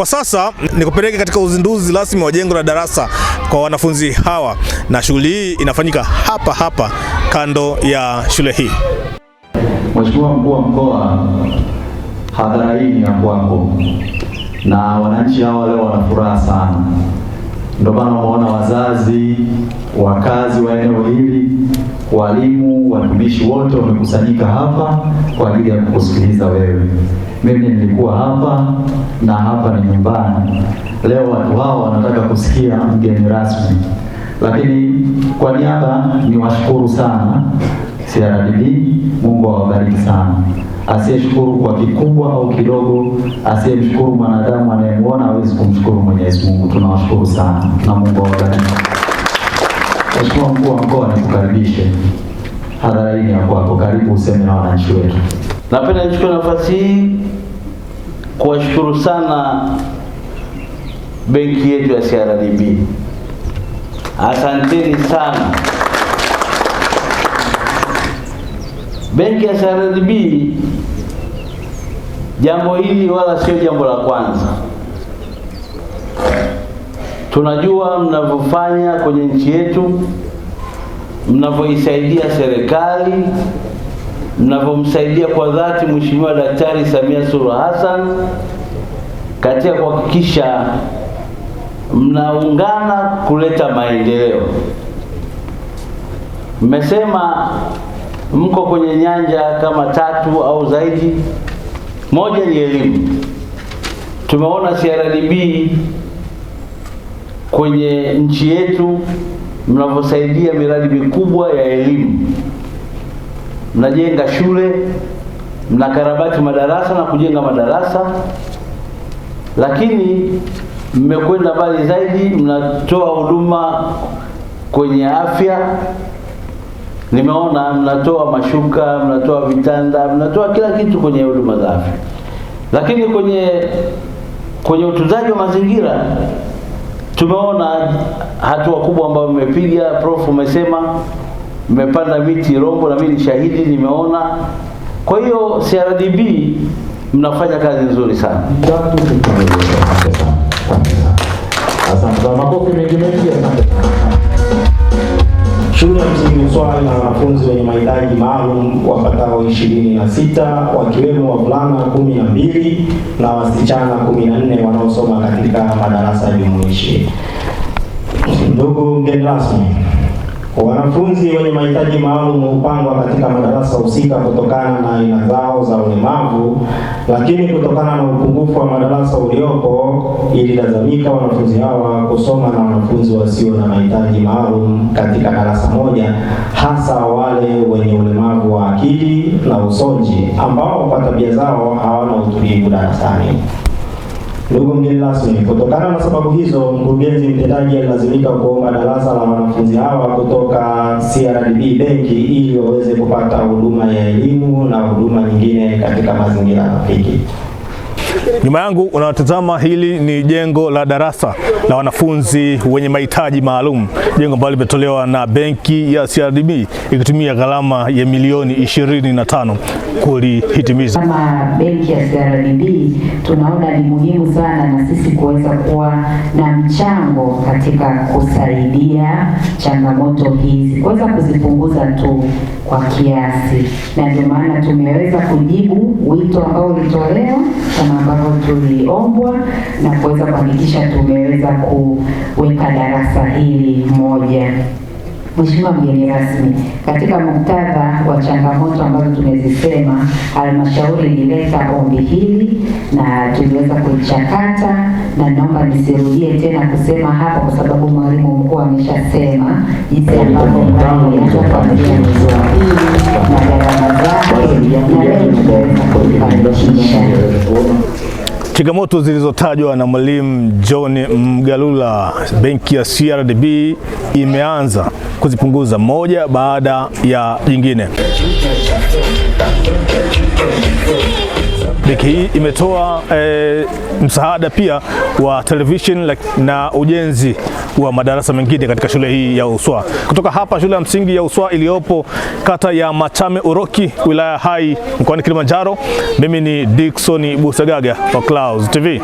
Kwa sasa nikupeleke katika uzinduzi rasmi wa jengo la darasa kwa wanafunzi hawa, na shughuli hii inafanyika hapa hapa kando ya shule hii. Mheshimiwa Mkuu wa Mkoa, hadhara hii ni ya kwako na wananchi hawa leo wana furaha sana. Ndio maana umeona wazazi, wakazi wa eneo hili, walimu, watumishi wote wamekusanyika hapa kwa ajili ya kukusikiliza wewe. Mimi nilikuwa hapa na hapa ni nyumbani. Leo watu hao wanataka kusikia mgeni rasmi, lakini kwa niaba niwashukuru sana CRDB. Mungu awabariki sana. Asiyeshukuru kwa kikubwa au kidogo, asiyemshukuru mwanadamu anayemwona hawezi kumshukuru Mwenyezi Mungu. Tunawashukuru sana na Mungu awabariki. Mheshimiwa mkuu wa mkoa, nikukaribishe hadhara hii ya kwako. Karibu useme na wananchi wetu. Napenda nichukue nafasi hii kuwashukuru sana benki yetu ya CRDB. Asanteni sana benki ya CRDB. Jambo hili wala sio jambo la kwanza. Tunajua mnavyofanya kwenye nchi yetu, mnavyoisaidia serikali, mnavyomsaidia kwa dhati Mheshimiwa Daktari Samia Suluhu Hassan katika kuhakikisha mnaungana kuleta maendeleo. Mmesema mko kwenye nyanja kama tatu au zaidi moja ni elimu. Tumeona CRDB kwenye nchi yetu mnavyosaidia miradi mikubwa ya elimu, mnajenga shule, mnakarabati madarasa na kujenga madarasa, lakini mmekwenda mbali zaidi, mnatoa huduma kwenye afya Nimeona mnatoa mashuka, mnatoa vitanda, mnatoa kila kitu kwenye huduma za afya, lakini kwenye kwenye utunzaji wa mazingira tumeona hatua kubwa ambayo mmepiga. Prof umesema mmepanda miti Rombo, na mimi ni shahidi, nimeona. Kwa hiyo CRDB mnafanya kazi nzuri sana. wanafunzi wenye mahitaji maalum wapatao ishirini na sita wakiwemo wavulana kumi na mbili na wasichana kumi na nne wanaosoma katika madarasa jumuishi. Ndugu mgeni rasmi Wanafunzi wenye mahitaji maalum hupangwa katika madarasa husika kutokana na aina zao za ulemavu, lakini kutokana na upungufu wa madarasa uliopo, ililazimika wanafunzi hawa kusoma na wanafunzi wasio na mahitaji maalum katika darasa moja, hasa wale wenye ulemavu wa akili na usonji ambao kwa tabia zao hawana utulivu darasani. Ndugu mgeni rasmi, kutokana na sababu hizo, mkurugenzi mtendaji alilazimika kuomba darasa la wanafunzi hawa kutoka CRDB benki ili waweze kupata huduma ya elimu na huduma nyingine katika mazingira rafiki. Nyuma yangu unatazama hili ni jengo la darasa na wanafunzi wenye mahitaji maalum, jengo ambalo limetolewa na benki ya CRDB ikitumia gharama ya milioni 25 na tano kulihitimiza. Kama benki ya CRDB tunaona ni muhimu sana na sisi kuweza kuwa na mchango katika kusaidia changamoto hizi, kuweza kuzipunguza tu kwa kiasi, na ndio maana tumeweza kujibu wito ambao ulitolewa kama ambavyo tuliombwa na kuweza kuhakikisha tumeweza kuweza kuweka darasa hili moja. Mheshimiwa mgeni rasmi, katika muktadha wa changamoto ambazo tumezisema, halmashauri ilileta ombi hili na tuliweza kuichakata na naomba nisirudie tena kusema hapa, kwa sababu mwalimu mkuu ameshasema jinsi ambavyo na gharama zake, na leo tumeweza kulifanikisha. Changamoto zilizotajwa na Mwalimu John Mgalula, benki ya CRDB imeanza kuzipunguza moja baada ya jingine benki hii imetoa e, msaada pia wa television na ujenzi wa madarasa mengine katika shule hii ya Uswa. Kutoka hapa shule ya msingi ya Uswa iliyopo kata ya Machame Uroki, wilaya Hai, mkoani Kilimanjaro, mimi ni Dickson Busagaga wa Clouds TV.